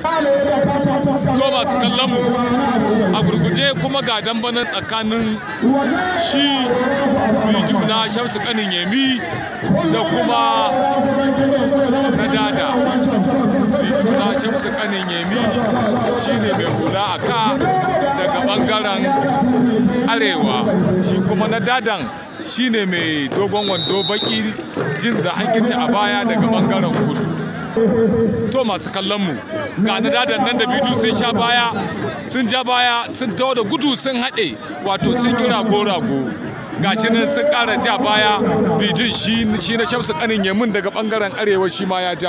to masu kallon mu a gurguje kuma ga dambanin tsakanin shi biju na shamsu kanin yemi da kuma na dada biju na shamsu kanin yemi shine mai hula a ka daga bangaren arewa shi kuma na dadan shine mai dogon wando baki jin da ci a baya daga bangaren kudu to masu kallon mu ga dadan nan da bidu sun sha baya sun ja baya sun dawo da gudu sun haɗe wato sun yi rago-rago gashi nan sun ƙara ja baya bijin shi na shamsu kanin yamin daga bangaren arewa shi ma ya ja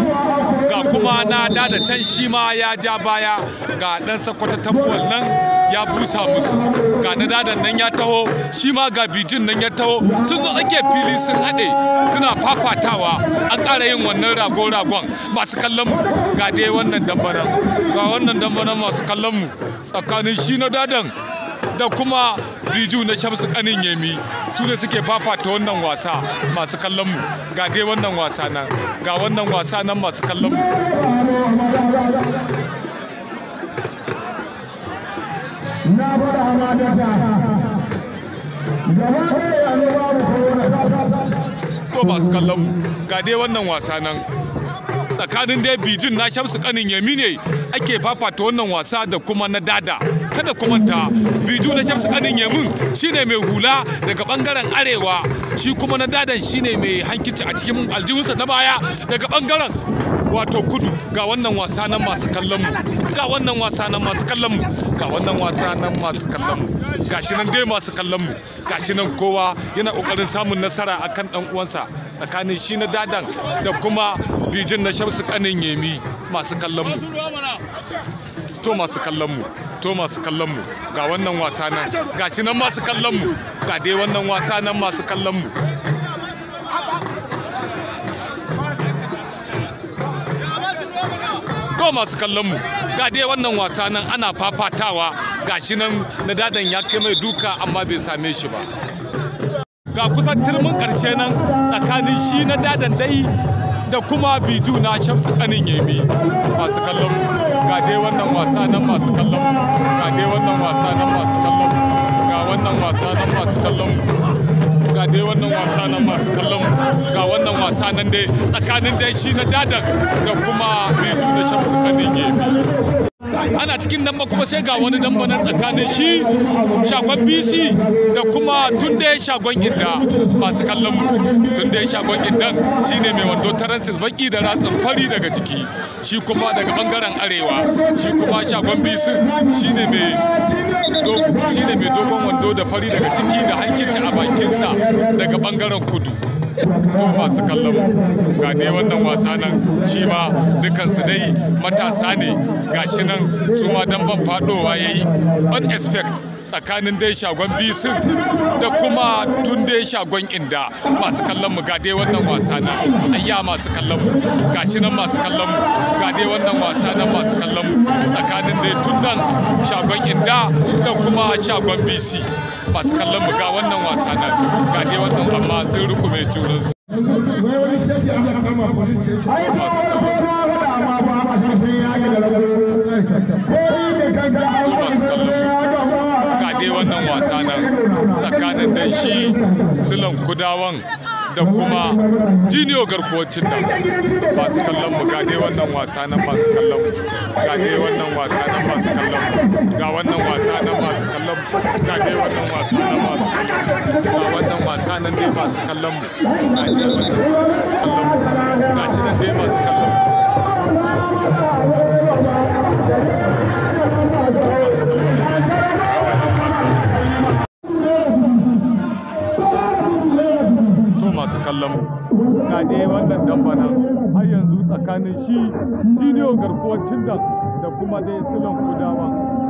ga kuma na dada can shi ma ya ja baya ga ɗan sakwata tambuwal nan ya busa musu ga na dadan nan ya taho shi ma ga bijin nan ya taho sun zo ake fili sun haɗe suna fafatawa an ƙara yin wannan ragon-ragon masu kallon mu ga dai wannan dambaran ga wannan dambaran masu kallon mu tsakanin shi na dadan da kuma biju na shamsu kanin yemi su ne suke fafata wannan wasa masu kallon mu ga dai wannan wasa nan ga wannan wasa nan masu kallon mu na bar amadata kallon ga dai wannan wasa nan tsakanin dai bijin na shamsu kanin yami ne ake fafata wannan wasa da kuma na dada kada kumanta manta biju na shamsu kanin yamin shine mai hula daga bangaren arewa shi kuma na dadan shine mai hankici a cikin aljihunsa na baya daga bangaren wato kudu ga wannan wasa nan masu kallon mu ga wannan wasa nan masu kallon mu ga wannan wasa nan masu kallon mu gashi nan dai masu kallon mu gashi nan kowa yana kokarin samun nasara akan dan uwansa tsakanin shi na dadan da kuma bijin na shamsu kanin yemi masu kallon mu to masu kallon mu to masu kallon mu ga wannan wasa nan gashi nan masu kallon mu ga dai wannan wasa nan masu kallon mu to masu kallon mu ga dai wannan wasa nan ana fafatawa gashi nan na dadan ya kai mai duka amma bai same shi ba ga kusan turmin karshe nan tsakanin shi na dadan dai da kuma biju na shamsu kanin yemi masu kallon mu ga dai wannan wasa nan masu kallon mu ga dai wannan wasa nan masu kallon mu ga wannan wasa nan masu kallon mu dai wannan wasa nan masu kallon ga wannan wasa nan dai tsakanin dai shi na dadan da kuma bitu da shamsu kanin yemi ana cikin nan ba kuma sai ga wani damba na tsakanin shi shagon bc da kuma tun da ya shagon inda masu kallon mu ya shagon inda shi ne mai wando taransis baki da ratsin fari daga ciki shi kuma daga bangaren arewa shi kuma shagon bc shi ne mai shine mai dogon wando da fari daga ciki da hankici a bakinsa daga bangaren kudu masu kallon ga dai wannan wasa nan shi ma dukansu dai matasa ne ga shi nan su ma dan ban fadowa yayi on expect tsakanin dai shagon bisin da kuma tun dai shagon inda masu kallon mu ga dai wannan wasa nan ayya masu kallon mu ga shi nan masu kallon mu ga dai wannan wasa nan masu kallon mu tsakanin dai tun nan shagon inda da kuma shagon bc masu kallon mu ga wannan wasa nan ga dai wannan amma sun rukume ju sauransu wannan wasa nan tsakanin da shi silan kudawan da kuma jiniyo garkuwacin nan masu kallon mu ga dai wannan wasa nan masu kallon mu wannan wasa nan masu kallon mu ga wannan wasa nan masu kallon mu wannan wasa nan nan dai masu kallon mu ga shi nan kallon nan dai masu kallon mu masu kallon mu ga dai wannan dambana har yanzu tsakanin shi bidiyo garkuwar cindan da kuma dai silon kudawa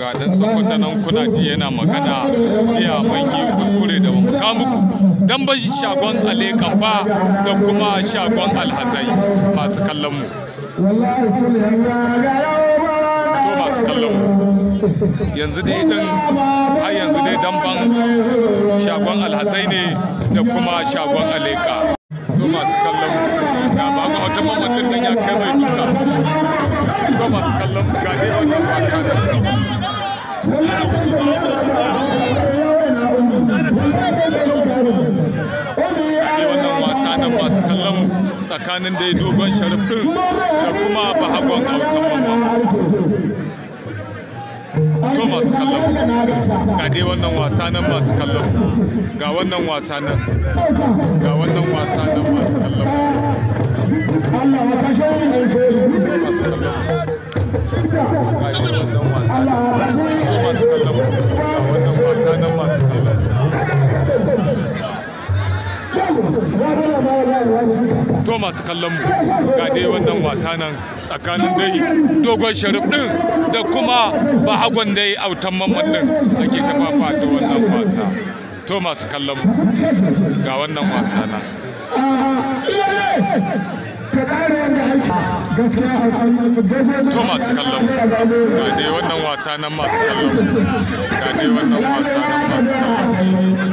dan sakwata nan kuna ji yana magana jiya mun yi kuskure da mu ka muku dan ban shagon alekan ba da kuma shagon alhazai masu kallon mu to masu kallon mu yanzu dai dan har yanzu dai dan ban shagon alhazai ne da kuma shagon aleka to masu kallon mu ga ba ga wata mamadin nan ya kai mai duka to masu kallon mu ga dai wannan wannan wasa masu kallon tsakanin dai dogon sharif din da kuma bahagon autan mamman to masu kallon ga dai wannan wasa nan masu kallon ga wannan wasa nan ga wannan wasa nan masu kallon masu kallon to masu kallon mu ga dai wannan wasa nan tsakanin dai dogon sharif din da kuma bahagon dai autan mamman din ake tafafa da wannan wasa to masu kallon mu ga wannan wasa nan to masu kallon ga dai wannan wasa nan masu kallon ga dai wannan wasa nan masu kallon